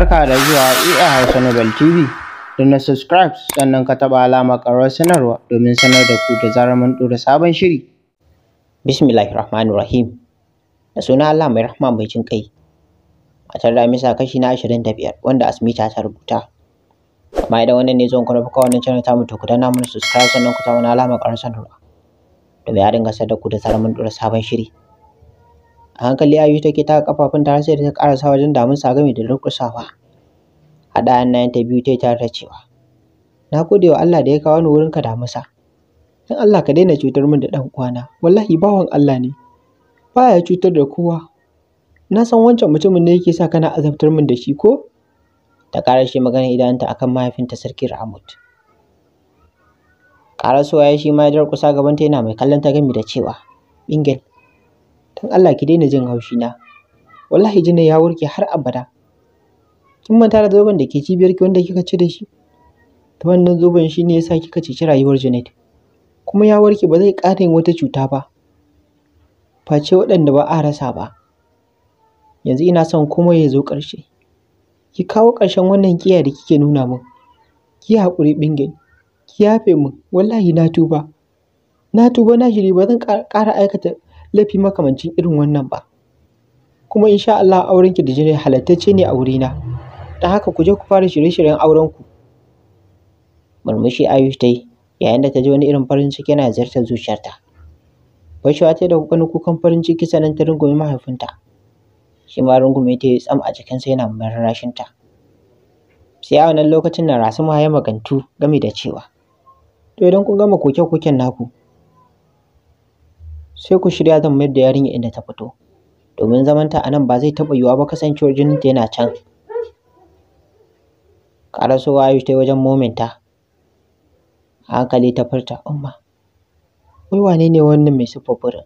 Barka da zuwa EA Hausa Nobel TV. Da na subscribe sannan ka taɓa alama ƙarar sanarwa domin sanar da ku da zarar mun ɗora sabon shiri. Rahim, Da suna Allah mai rahma mai jin kai. A Ramisa kashi na ashirin da biyar wanda Asmita ta rubuta. Amma idan wannan ne zuwan kwanar fuka wannan channel ta mutu ku dana mun subscribe sannan ku wani alama ƙarar sanarwa. Domin ya dinga sadar ku da zarar mun ɗora sabon shiri. a hankali ayu ke ta kafafun ta sai ta karasa wajen damunsa game da A haɗa nan ta biyu ta tare da cewa na gode wa Allah da ya kawo ni wurinka damusa dan Allah ka daina cutar min da ɗan uwana wallahi bawan Allah ne baya cutar da kowa na san wancan mutumin ne yake sa kana azabtar min da shi ko ta ƙara shi magana idanunta akan mahaifinta sarki Ramut ƙarasuwa ya shi ma ya gaban ta, yana mai kallon ta gami da cewa Bingel don Allah ki daina jin haushi na wallahi jinin ya warke har abada kin manta da zoben da ke cibiyar ki wanda kika ci da shi ta wannan zoben shi ne yasa kika ceci rayuwar Janet kuma ya warke ba zai ƙara yin wata cuta ba face waɗanda ba a rasa ba yanzu ina son komai ya zo ƙarshe ki kawo ƙarshen wannan kiya da kike nuna min ki haƙuri ɓingin ki yafe min wallahi na tuba na tuba na shiri ba zan ƙara aikata laifi makamancin irin wannan ba. Kuma in sha Allah aurenki da jini halattacce ne a wurina. Don haka ku je ku fara shirye-shiryen aurenku. Murmushi Ayush ta yi yayin da ta ji wani irin farin ciki yana ziyartar zuciyarta. Bashawa ta yi da kukan kukan farin ciki sannan ta rungume mahaifinta. Shi ma rungume ta yi tsam a jikinsa yana ta Sai a wannan lokacin na rasu ya magantu game da cewa. To idan kun gama koke-koken naku, sai ku shirya zan mayar da yarinya inda ta fito domin zamanta a nan ba zai taɓa yiwuwa ba kasancewar jininta yana can ƙarasowa yi ta yi wajen mominta a hankali ta furta umma wai wane ne wannan mai siffar furin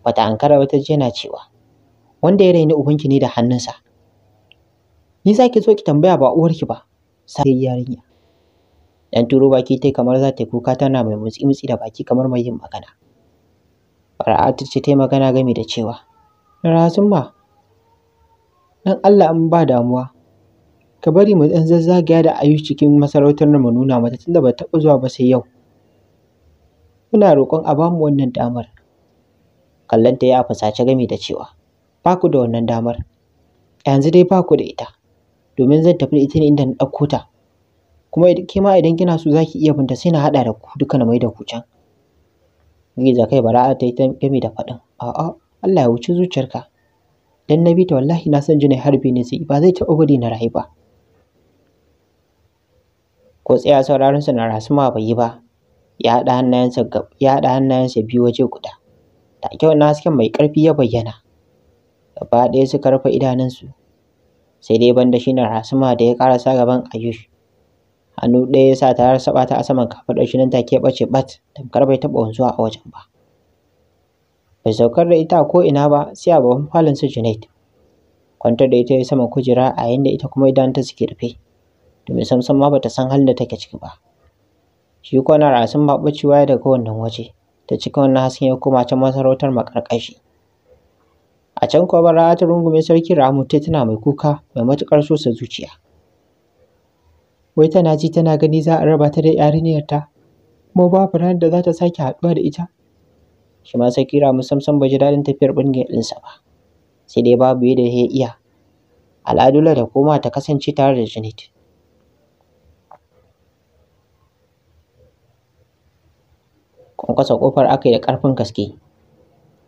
bata ankara ba ta ji yana cewa wanda ya raini ubanki ne da hannunsa ni za ki zo ki tambaya ba uwarki ba sai yarinya dan turo baki tai kamar za ta yi kuka tana mai mutsi mutsi da baki kamar mai yin magana Fara'atu ce ta yi magana gami da cewa, Razumma, dan Allah in ba damuwa, ka bari mu ɗan da ayu cikin masarautar mu nuna mata tunda ba taɓa zuwa ba sai yau. Muna roƙon a bamu wannan damar. Kallanta ya fasace gami da cewa, ba ku da wannan damar. Yanzu dai ba ku da ita, domin zan tafi ita ne inda na ɗauko ta. Kuma ke ma idan kina so za ki iya binta sai na haɗa da ku duka na mai da ku can. Giza kai bara'a ta yi ta game da faɗin. A'a, Allah ya wuce zuciyarka. Dan na ta wallahi na san jinai harbi ne sai ba zai taɓa bari na rayu ba. Ko tsaya sauraron sa na rasuma bai yi ba. Ya hannayansa hannayensa ya da hannayensa biyu waje guda. Da kyau na hasken mai karfi ya bayyana. Gaba ɗaya suka rufe idanunsu. Sai dai banda shi na rasuma da ya sa gaban Ayush. hannu ɗaya ya sa tare saba ta a saman kafaɗar shi nan take ɓace ɓat tamkar bai taɓa wanzuwa a wajen ba bai saukar da ita ko ina ba sai a babban falon su Junaid kwantar da ita ya saman kujera a yanda ita kuma idanunta suke rufe domin samsam ma bata san halin da take ciki ba shi kwana rasin ba ɓacewa daga wannan waje ta cikin wannan hasken ya koma can masarautar makarƙashi a can kuwa bara ta rungume sarki Ramu tana mai kuka mai matuƙar sosa zuciya wai tana ji tana gani za a raba ta da yarinyarta? kuma babu ranar da za ta sake haɗuwa da ita shi ma sakira musamman ba ji daɗin tafiyar ɓangaren ɗinsa ba sai dai babu yadda ya iya al'adula da koma ta kasance tare da Janet. Kwankwasa ƙofar aka yi da ƙarfin gaske,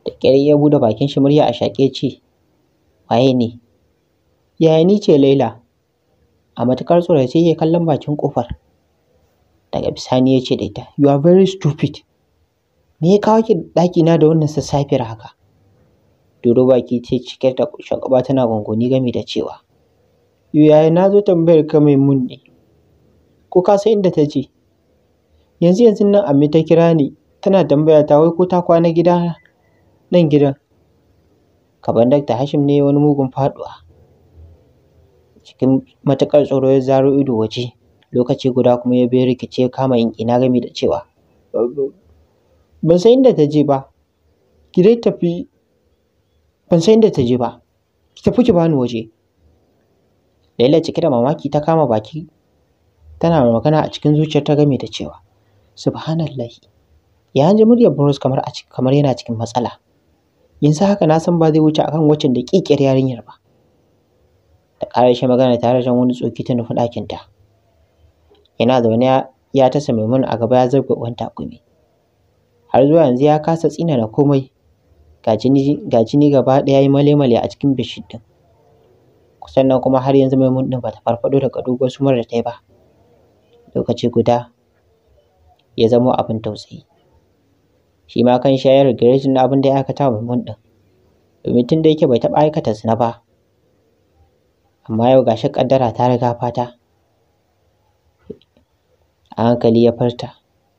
da ƙyar ya buɗe bakin shi murya a shaƙe ce, waye ne? Yaya ni ce Laila, a matuƙar sai ya kallon bakin kofar. daga bisani ya ce da ita you are very stupid me ya kawo ki na da wannan sassafiyar haka doro baki ce cike da shagaba tana gunguni game da cewa yaya na zo tambayar ka mai mun ne ko ka san inda ta je yanzu yanzu nan amma ta kira ni tana tambaya ta wai ko ta kwana gida nan gidan kaban dakta hashim ne wani mugun faduwa. cikin matuƙar tsoro ya zaro ido waje lokaci guda kuma ya bi rikice ya kama na gami da cewa ban san inda ta je ba ki dai tafi ki bani waje Laila cike da mamaki ta kama baki tana magana a cikin zuciyar ta game da cewa subhanallah ya hanji muryar Bruce kamar yana cikin matsala yanzu haka na san ba zai wuce akan wacin da kikiyar yarinyar ba da shi magana tare da wani tsoki ta nufi ɗakinta yana zaune ya tasa mun a gaba ya zarga wani takumi har zuwa yanzu ya kasa tsina na komai ga jini gaba ɗaya yi male-male a cikin bishit ɗin sannan kuma har yanzu maimun ɗin bata farfaɗo daga dogon sumar da ta yi ba lokaci guda ya zamo abin tausayi shi ma kan shayar da na abin da ya aikata wa maimun ɗin domin tun da yake bai taɓa aikata zina ba amma yau shi ƙaddara ta riga fata a hankali ya farta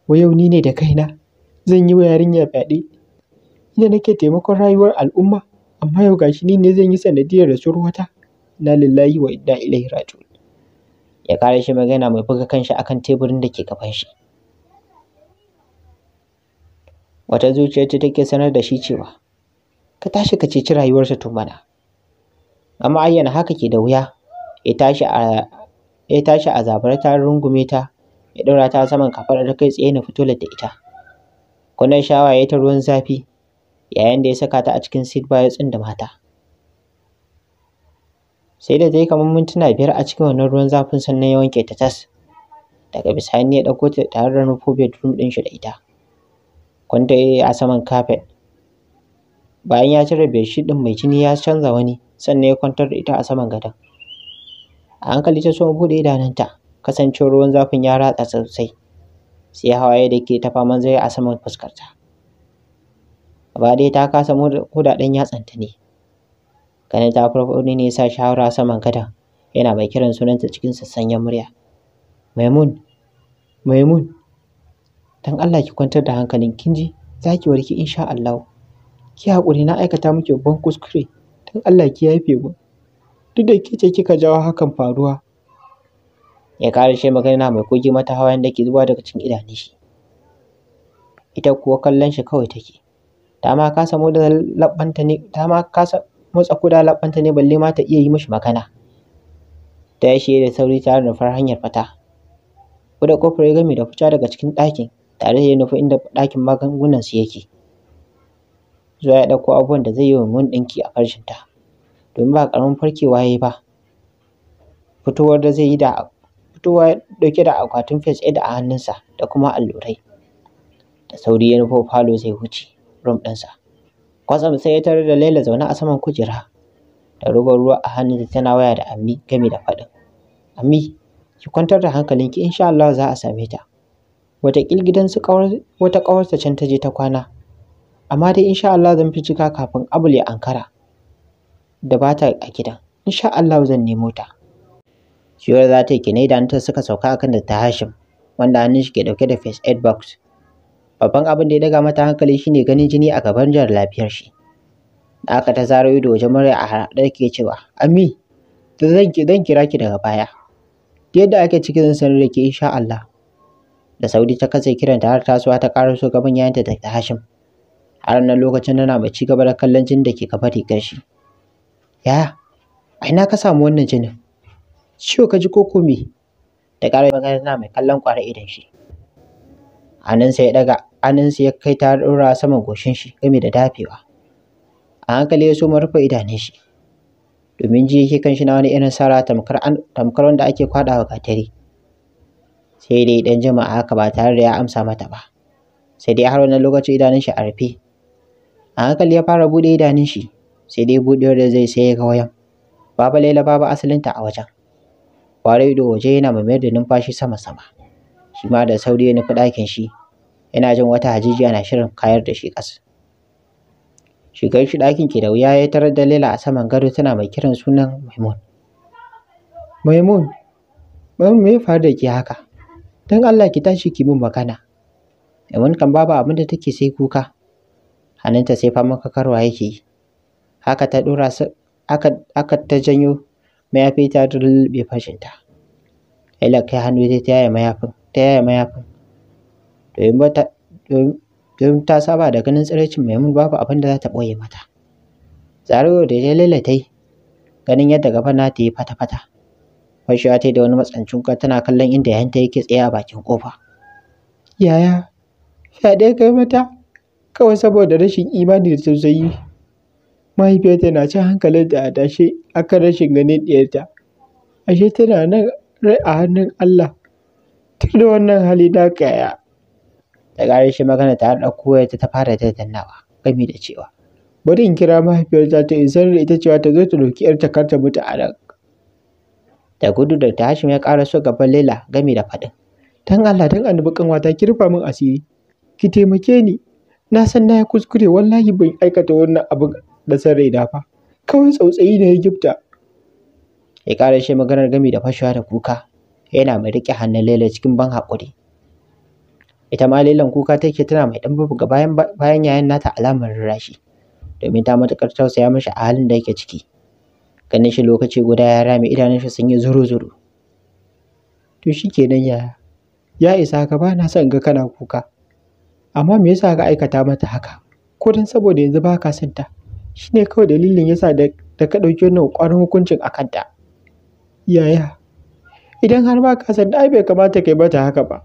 wai yau ni ne da kaina zan yi wa yarinya fyaɗe ina nake taimakon rayuwar al'umma amma yau gashi ni ne zan yi sanadiyar rasuwar wata inna lillahi wa inna ilaihi raji'un ya ƙara shi magana mai buga kanshi akan teburin da ke gaban shi wata zuciyar ta take sanar da shi cewa ka tashi ka ceci rayuwarsa tun mana amma ayyana haka ke da wuya ya tashi a ya tashi a zabar ta rungume ta ya ɗaura ta saman ta kai tsaye na fito da ita kunnen shawa ya ta ruwan zafi yayin da ya saka ta a cikin seat ya tsinda mata sai da ta yi kamar mintuna biyar a cikin wannan ruwan zafin sannan ya wanke ta tas daga bisani ya ɗauko ta tare da nufo bedroom ɗin shi da ita kwanta a saman kafet Bayan ya cire bedsheet ɗin mai jini ya canza wani sannan ya kwantar da ita a saman gadon. A hankali ta so buɗe idanunta kasancewar ruwan zafin ya ratsa sosai. Sai hawaye da ke ta faman zai a saman fuskarta. ba dai ta kasa ya tsanta ne. Ganin ta farko ne ne sa shawara saman gadon yana mai kiran sunanta cikin sassanyen murya. Maimun, Maimun, don Allah ki kwantar da hankalin kinji, ji za ki warke insha Allahu. ki haƙuri na aikata miki babban kuskure don Allah ki yafe mu duk da kice kika jawo hakan faruwa ya shi magana mai kogi mata hawayen da ke zuba daga cikin idanun shi ita kuwa kallon shi kawai take ta ma kasa da labbanta ne ta ma kasa motsa kuda labbanta ne balle ma ta iya yi mishi magana ta shi da sauri tare da far hanyar fata kuda kofar ya gami da fita daga cikin ɗakin tare da ya nufi inda ɗakin magungunan su yake zuwa ya ɗauko abubuwan da zai yi wa mun ɗinki a farcinta domin ba ƙaramin farkewa ya yi ba fitowar da zai yi da fitowa ɗauke da akwatin fes da a hannunsa da kuma allurai da sauri ya nufo falo zai wuce rum ɗinsa kwatsam sai ya tarar da laila zaune a saman kujera da rubar ruwa a hannunta tana waya da ammi gami da faɗin ammi ki kwantar da hankalinki insha Allah za a same ta wataƙil gidan su wata ƙawarta can ta je ta kwana amma dai insha Allah zan fi cika kafin abul ya ankara da ba ta a gidan insha Allah zan nemo ta shiwar za ta yi kinai da ta suka sauka akan da ta hashim wanda hannun shi ke dauke da face aid box babban abin da ya daga mata hankali shine ganin jini a gaban jar lafiyar shi da aka ta zaro ido wajen murya a harɗar ke cewa ami zan kira ki daga baya yadda ake cikin sanar da ke insha Allah da saudi ta katse kiranta har tasowa ta ƙara so gaban yayanta da hashim a ranar lokacin nana mai ci gaba da kallon jinin da ke kafa rigar shi yaya a ina ka samu wannan jinin ciwo ka ji koko me da ƙarar magana tana mai kallon ƙwarar idan shi sai ya ɗaga sai ya kai ta ɗora saman goshin shi game da dafewa a hankali ya so mu rufe idanun shi domin ji yake kan shi na wani irin sara tamkar tamkar wanda ake kwaɗawa gatari sai dai dan jama'a haka ba tare da ya amsa mata ba sai dai har wannan lokacin idanun shi a rufe A hankali ya fara buɗe idanun shi, sai dai buɗewar da zai sai ya ga wayan. Baba Laila babu asalinta a wajen. Ware ido waje yana mayar da numfashi sama-sama. Shi ma da sauri ya nufi ɗakin shi, yana jin wata hajijiya na shirin kayar da shi ƙasa. Shigar shi ɗakin ke da wuya ya tarar da Laila a saman gado tana mai kiran sunan Maimun. Maimun, Maimun me ya faru da ke haka? Don Allah ki tashi ki min magana. Maimun kan babu abin da take sai kuka. hannunta sai fama kakarwa yake yi haka ta ɗora su aka ta janyo mayafi ta dulbe fashinta ila kai hannu sai ta yaya mayafin ta yaya mayafin domin ta domin ta saba da ganin mai mun babu abin da za ta ɓoye mata Zaro da ya lalata, ganin yadda gaba na ta yi fata-fata fashewa ta da wani matsancin ka tana kallon inda yanta yake tsaye a bakin kofa yaya ya dai kai mata kawai saboda rashin imani da tausayi. Mahaifiyarta na cin hankalinta a tashe a kan rashin ganin ɗiyarta. ashe tana nan rai a hannun Allah. Tun da wannan hali na gaya. shi ƙarashin magana ta ɗauko wayarta ta fara tattaunawa gami da cewa bari in kira mahaifiyarta ta isar da ita cewa ta zo ta ɗauki 'yarta kar ta mutu a nan. Da gudu da ta ya ƙara so gaban Laila gami da faɗin. Dan Allah dan annabi kanwata ki rufa min asiri ki taimake ni na san na yi kuskure wallahi ban aikata wannan abin da san da fa kawai tsautsayi ne ya gifta ya ƙara shi maganar gami da fashewa da kuka yana mai riƙe hannun Laila cikin ban haƙuri ita ma Lailan kuka take tana mai ɗan bubuga bayan bayan yayan nata alamar rashi domin ta matuƙar tausaya mashi a halin da yake ciki ganin shi lokaci guda ya rame idanun shi sun yi zuru-zuru to shikenan yaya ya isa ka ba na son ga kana kuka Amma me yasa ka aikata mata haka? Ko dan saboda yanzu ba ka son ta? Shi kawai dalilin yasa da, da ka ɗauki wannan ƙwarin hukuncin a kanta. Yaya, idan har ba ka son ta ai bai kamata ka yi mata haka ba.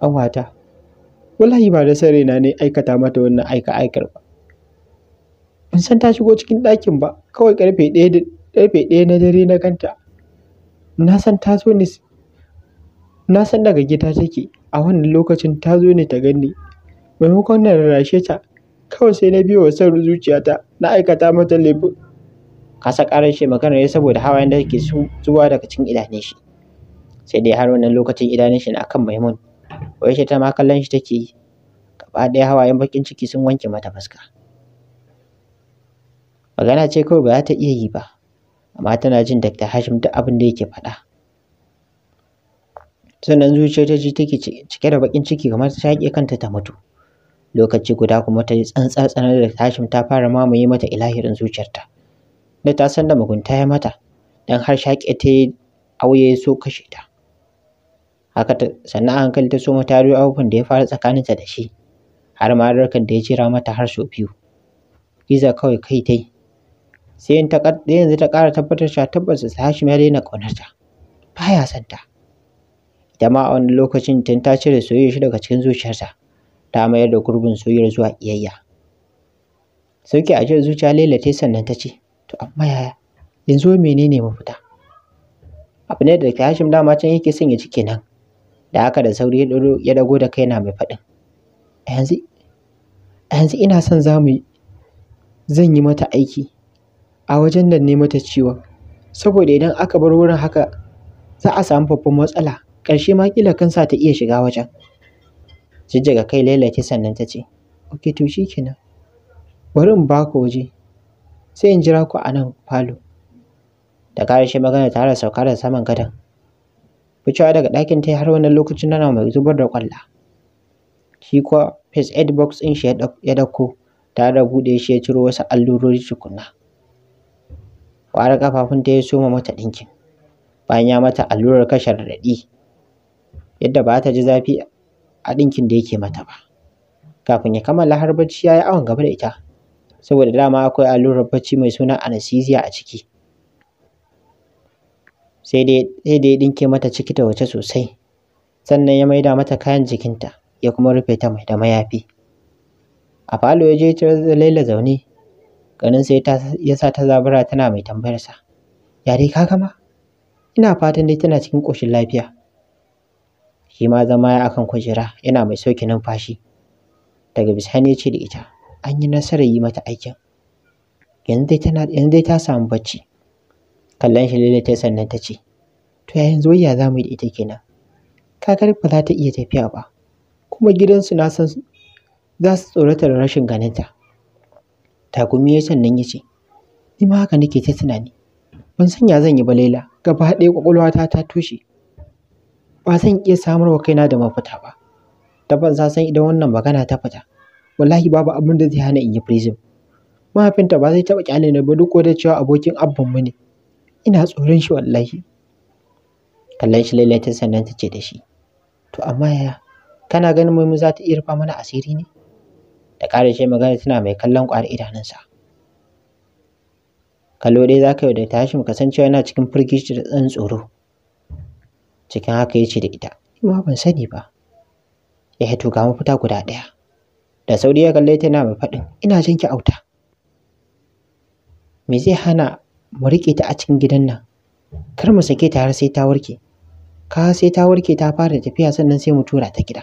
Ƙanwata, wallahi ba da son raina ne aikata mata wannan aika-aikar ba. Ban san ta shigo cikin ɗakin ba, kawai ƙarfe ɗaya ƙarfe ɗaya na dare na ganta. Na san ta so ne, na san daga gida take. A wannan lokacin ta zo ne ta ganni. Maimakon na rarrashe ta, kawai sai na biyo wa son ta, na aikata mata laifin. Kasa ƙarar shi magana ne saboda hawayen da ke zuwa daga cikin idanun shi. Sai dai har wannan lokacin idanun shi na kan Maimun. Wai ta ma kallon shi take yi. Gaba ɗaya hawayen baƙin ciki sun wanke mata fuska. Magana ce kawai ba za ta iya yi ba. Amma tana jin daga Hashim duk abin da yake faɗa. sannan zuciyar ta ji take cike da bakin ciki kamar ta shaƙe kanta ta mutu lokaci guda kuma ta yi tsantsar tsanar da tashin ta fara mamaye mata ilahirin zuciyarta da ta san da mugunta ya mata dan har shaƙe ta yi auye so kashe ta haka ta sannan hankali ta so mata yaro abubuwan da ya fara tsakaninta da shi har ma rarkan da ya jira mata har sau biyu giza kawai kai tai sai yanzu ta ƙara tabbatar cewa tabbas Hashim ya daina ƙaunarta baya son ta ita a wani lokacin tun ta cire soyayyar shi daga cikin zuciyarta ta mayar da gurbin soyayyar zuwa iyayya. sauki a zuciya Laila ta sannan ta ce to amma yaya yanzu menene mafita abu ne da Hashim dama can yake son ya ci kenan da haka da sauri ya dago da na mai faɗin yanzu yanzu ina son za mu zan yi mata aiki a wajen da ne mata ciwon saboda idan aka bar wurin haka za a samu babban matsala ƙarshe ma kila kansa ta iya shiga wajen jijjiga kai lailaki sannan ta ce ok to shi kenan bari in ba ku waje sai in jira ku a nan falo da ƙarshe magana tare sauka da saman gadon ficewa daga ɗakin ta har wani lokacin nana mai zubar da ƙwalla shi kuwa first aid box ɗin shi ya ɗauko tare da buɗe shi ya ciro wasu allurori tukunna ƙwarar ƙafafun ta ya soma mata ɗinkin bayan ya mata allurar kashe raɗaɗi yadda ba ta ji zafi a ɗinkin da yake mata ba kafin ya kammala har bacci ya yi awon gaba da ita saboda dama akwai allurar bacci mai suna anesthesia a ciki sai dai ya ɗinke mata ciki ta wace sosai sannan ya maida mata kayan jikinta ya kuma rufe ta mai da mayafi a falo ya je ta laila zaune ganin sai ya sa ta zabura tana mai tambayarsa ya dai ka gama ina fatan dai tana cikin ƙoshin lafiya shi ma zama ya akan kujera yana mai sauƙi numfashi daga bisani ya ce da ita an yi nasarar yi mata aikin yanzu dai tana dai ta samu bacci kallon shi lele ta sannan ta ce to yayin zoyya za mu yi da ita kenan kagar ba za ta iya tafiya ba kuma gidansu na san za su tsorata da rashin ganinta takumi ya sannan ya ce ni ma haka nake ta tunani ban san ya zan yi ba laila gaba ɗaya kwakwalwata ta tushe ba zan iya samar wa kaina da mafita ba tabbas za san idan wannan magana ta fita wallahi babu abin da zai hana in yi prison mahaifinta ba zai taɓa kyale na ba duk da cewa abokin abban mu ne ina tsoron shi wallahi kallon shi lallai ta sannan ta ce da shi to amma yaya kana ganin mu za ta iya rufa mana asiri ne da ƙara shi magana tana mai kallon ƙwar idanunsa Kalo dai za ka yi da tashi mu kasancewa yana cikin firgici da tsan tsoro cikin haka ya ce da ita ma ban sani ba ya hito ga mafita guda ɗaya da sauri ya kalle ta mai faɗin ina jin ki auta me zai hana mu riƙe ta a cikin gidan nan kar mu sake ta har sai ta warke ka sai ta warke ta fara tafiya sannan sai mu tura ta gida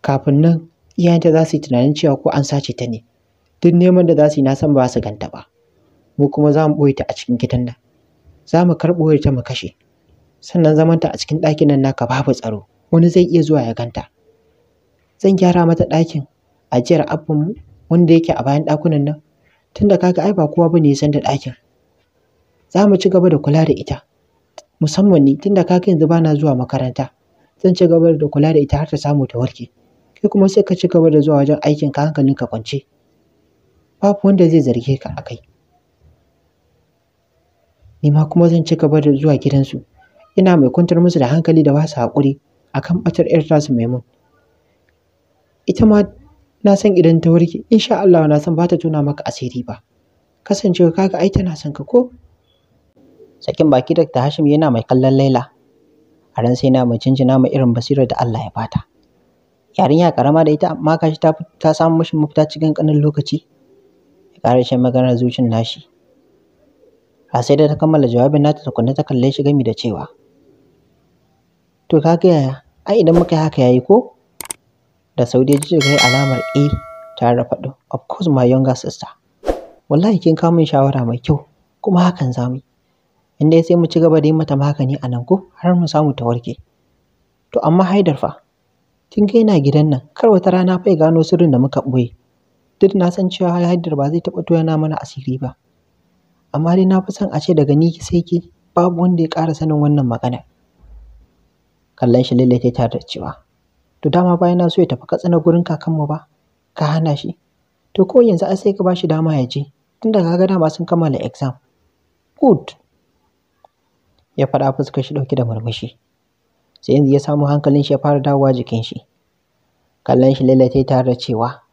kafin nan iyayenta za su yi tunanin cewa ko an sace ta ne duk neman da za su yi na san ba su ganta ba mu kuma za mu ɓoye ta a cikin gidan nan za mu karɓo ta mu kashe sannan zamanta a cikin ɗakin nan naka babu tsaro wani zai iya zuwa ya ganta zan gyara mata ɗakin ajiyar mu wanda yake a bayan ɗakunan nan tunda kaga ai ba kowa bane ya san da ɗakin za mu ci gaba da kula da ita musamman ni tunda kaga yanzu bana zuwa makaranta zan ci gaba da kula da ita har ta samu ta warke kai kuma sai ka ci gaba da zuwa wajen aikin ka hankalin ka kwance babu wanda zai zarge ka a kai. Nima kuma zan ci gaba da zuwa gidansu ina mai kwantar musu da hankali da wasu haƙuri haƙuri akan ɓatar 'yar tasu Maimun. Ita ma na san idan ta warke insha Allah na san ba ta tuna maka asiri ba. Kasancewa ga ai tana son ka ko? Sakin baki da ta Hashim yana mai kallon Laila. A ran sai na mai jinjina mai irin basirar da Allah ya bata. Yarinya karama da ita amma kashi ta ta samu mishi mafita cikin ƙanin lokaci. Ya ƙara shan maganar zucin nashi. A sai da ta kammala jawabin nata tukunna ta kalle shi gami da cewa to ka ga yaya ai idan muka yi haka yayi ko da saudi ji ga alamar a eh, tare da faɗin of course my younger sister wallahi kin kawo min shawara mai kyau kuma hakan za mu yi in sai mu ci gaba da yi mata magani a nan ko har mu samu ta warke to amma haidar fa kin ga yana gidan nan kar wata rana fa gano sirrin da muka ɓoye duk na san cewa haidar ba zai taɓa tona mana asiri ba amma dai na fi son a ce daga ni sai ki babu wanda ya ƙara sanin wannan maganar. kallon shi lallai ta da cewa to dama bayan na so ya tafi katsina gurin kakanmu ba ka hana shi to ko yanzu ai sai ka bashi dama ya je tunda ka ga dama sun kammala exam good ya faɗa fuskar shi ɗauke da murmushi sai yanzu ya samu hankalin shi ya fara dawowa jikin shi kallon shi lallai ta tare da cewa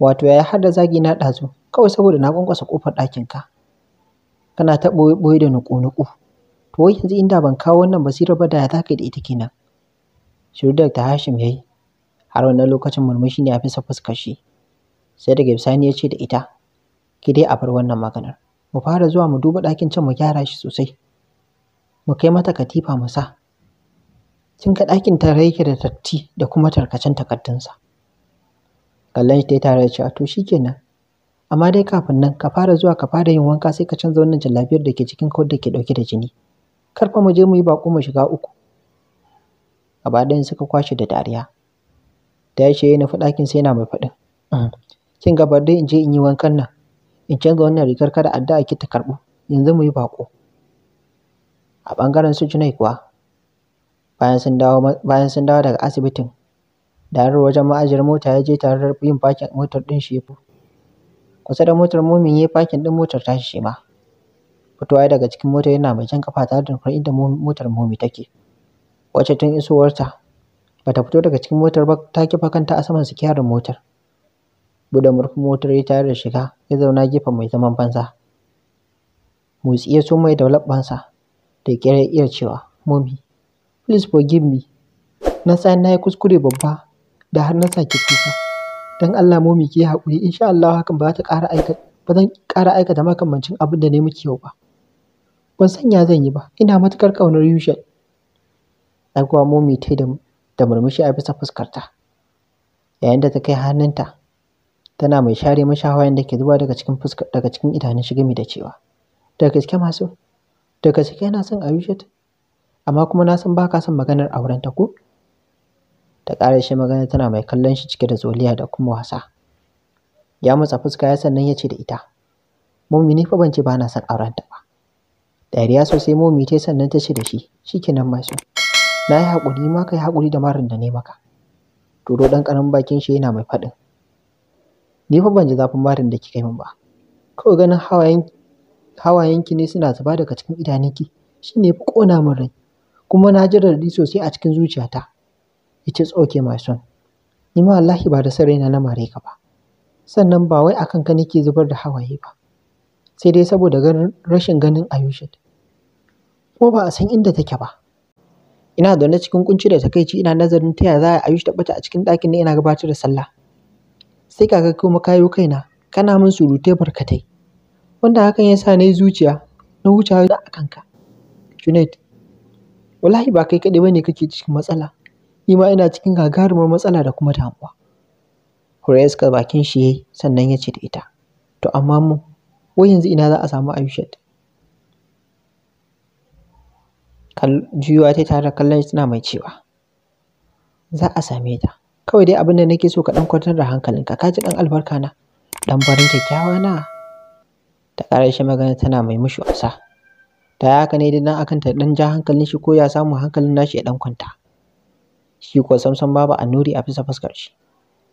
wato ya har da zagi na ɗazu kawai saboda na kwankwasa ƙofar ɗakinka. ka kana ta ɓoye da nuku-nuku to wai yanzu inda ban kawo wannan basira ba da ya zaka da ita kenan Shiru Dr. Hashim yayi yi, har wannan lokacin murmushi ne a fisa fuskar shi. Sai daga bisani ya ce da ita, ki dai a bar wannan maganar. Mu fara zuwa mu duba ɗakin can mu gyara shi sosai. Mu kai mata katifa mu sa. Kin ga ɗakin ta yake da datti da kuma tarkacen takardunsa. Kallon shi ta tare da cewa to shikenan. Amma dai kafin nan ka fara zuwa ka fara yin wanka sai ka canza wannan jallabiyar da ke cikin kawai da ke ɗauke da jini. Kar fa mu je mu yi baƙo mu shiga uku. gaba ɗayan suka kwashe da dariya da ya eh, nufi ɗakin sai yana mai faɗin kin ga dai in je in yi wankan nan in canza wannan rigar kada addu'a ki ta karɓo yanzu mu yi baƙo a ɓangaren su Junai kuwa bayan sun dawo bayan sun dawo daga asibitin darar wajen ma'ajiyar mota ya je tare da yin fakin motar ɗin shi kusa da motar mumin ya fakin ɗin motar tashi shi ma fitowa daga cikin motar yana mai jan kafa tare da inda motar mumi take wacce tun isowarta ba ta fito daga cikin motar ba ta kifa kanta a saman sikiyarin motar. Bude murfin motar ya tare da shiga ya zauna gefen mai zaman banza. Motsi ya so mai da da ƙira ya iya cewa momi please forgive me na tsayan na yi kuskure babba da har na sake kuka don Allah mummy ki haƙuri insha Allah hakan ba ta ƙara aika ba zan ƙara aikata makamancin abin da ne muke yau ba ban sanya zan yi ba ina matuƙar ƙaunar Yusha ɗagowa momi ta da murmushi a bisa fuskarta yayin da ta kai hannunta tana mai share mashi hawayen da ke zuba daga cikin daga cikin idanun shi da cewa da gaske masu da gaske yana son Aishat amma kuma na san baka son maganar auren ta ko ta ƙara shi magana tana mai kallon shi cike da zoliya da kuma wasa ya matsa fuska ya sannan ya ce da ita momi ni fa ban ce ba na son auren ta ba dariya sosai momi ta sannan ta ce da shi shi shikenan masu na yi haƙuri ma ka yi haƙuri da marin da ne maka do ɗan ƙaramin bakin shi yana mai faɗin ni fa ban ji zafin marin da kika yi min ba kawai ganin hawayen hawayenki ne suna zuba daga cikin idanunki shi ne fi ƙona min rai kuma na ji raɗaɗi sosai a cikin zuciyata ce tsoke mai son ni ma wallahi ba da san raina na mare ka ba sannan ba wai akan ka nake zubar da hawaye ba sai dai saboda rashin ganin ayushin Ko ba a san inda take ba Ina zaune cikin ƙunci da takaici ina nazarin ta yaya za a Ayush shi tabbata a cikin ɗakin nan ina gabatar da sallah. Sai kaka kuma kayo kaina kana min surutai barkatai. Wanda hakan ya sa na yi zuciya na huce a kanka. Junaid, wallahi ba kai kaɗai bane kake cikin matsala. Ni ma ina cikin gagarumar matsala da kuma damuwa. Hura'iska bakin shi yayi sannan ya ce da ita. To amma mu wai yanzu ina za a samu Ayushat? juyuwa tai tare da kallon shi mai cewa za a same ta kawai dai abin da nake so ka ɗan kwantar da hankalinka ka ji dan albarka na ɗan barin kyakkyawa na ta ƙara shi magana tana mai mushi wasa ta yi haka ne dai dan akan ta ɗan ja hankalin shi ko ya samu hankalin nashi ya ɗan kwanta shi ko samsam babu annuri a bisa fuskar shi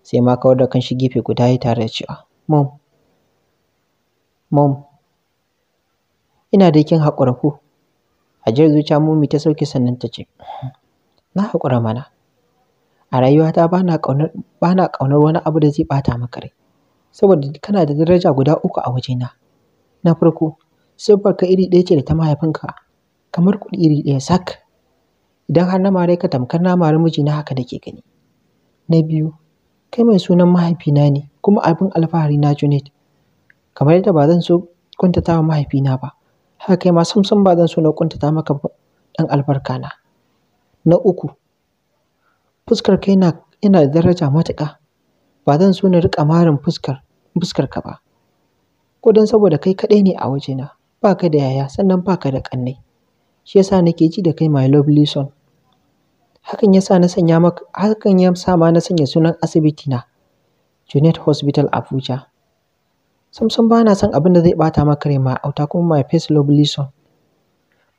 sai ma kawar da kan shi gefe guda ya tare da cewa mom mom ina da kin haƙura ko ajiyar zuciya mummy ta sauke sannan ta ce na haƙura mana a rayuwata ba na ƙaunar wani abu da zai ɓata maka rai saboda kana da daraja guda uku a wajena na farko ka iri ɗaya ce da ta mahaifinka kamar kuɗi iri ɗaya sak idan har na mare ka tamkar na mare mijina haka nake gani na biyu kai mai sunan mahaifina ne kuma abin alfahari na Junaid kamar yadda ba zan so wa mahaifina ba haka kai ma sam ba zan so na kuntata maka ba ɗan albarka na na uku fuskar kai na yana da daraja matuƙa ba zan so na riƙa marin fuskar fuskar ka ba ko dan saboda kai kaɗai ne a wajena ba ka da yaya sannan ba ka da ƙannai shi yasa nake ji da kai my lovely son hakan yasa na sanya maka hakan ya sa ma na sanya sunan asibiti na Junet Hospital Abuja samson ba na son abin da zai bata maka rai ma auta kuma my face lovely son.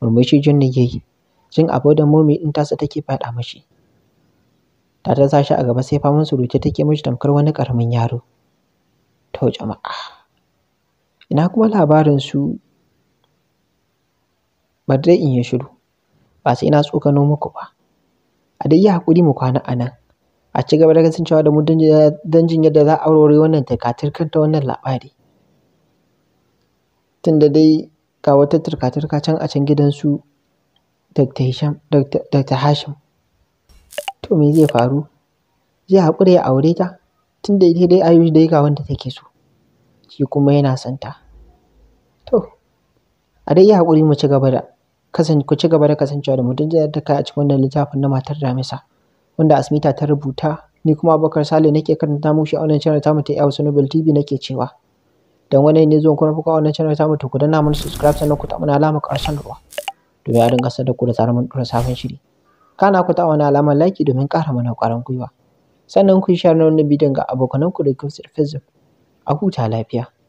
Murmushi John ya yi, jin abu da momi ɗin tasa take faɗa mashi. Ta ta sashi a gaba sai faman surutu take mashi tamkar wani ƙaramin yaro. To jama'a, ina kuma labarin su Ba dai in yi shiru, ba sai na tsokano muku ba. A dai yi haƙuri mu kwana a nan, a ci gaba da kasancewa da mu don jin yadda za a warware wannan takatirkar ta wannan labari. tunda dai ga wata turka-turka can a can gidansu Dr. Dr. Hashim. To me zai faru? Zai haƙura ya aure ta? Tunda ita dai Ayush dai ga wanda take so. Shi kuma yana son ta. To, a dai yi haƙuri mu ci gaba da ku ci gaba da kasancewa da mutum zai jin da kai a cikin wannan littafin na matar Damisa wanda Asmita ta rubuta ni kuma Abubakar Sale nake karanta mushi a wannan channel ta mu ta Hausa Nobel TV nake cewa dan wannan ne zuwa kuma fuka wannan channel ta mutu ku danna mana subscribe sannan ku taɓa alamar ƙarshen ruwa domin a dinga sadar ku da tsarin mun dora sabon shiri kana ku taɓa wani alamar like domin ƙara mana ƙwarin gwiwa sannan ku share na wannan bidiyon ga abokanan ku da kuke Facebook a huta lafiya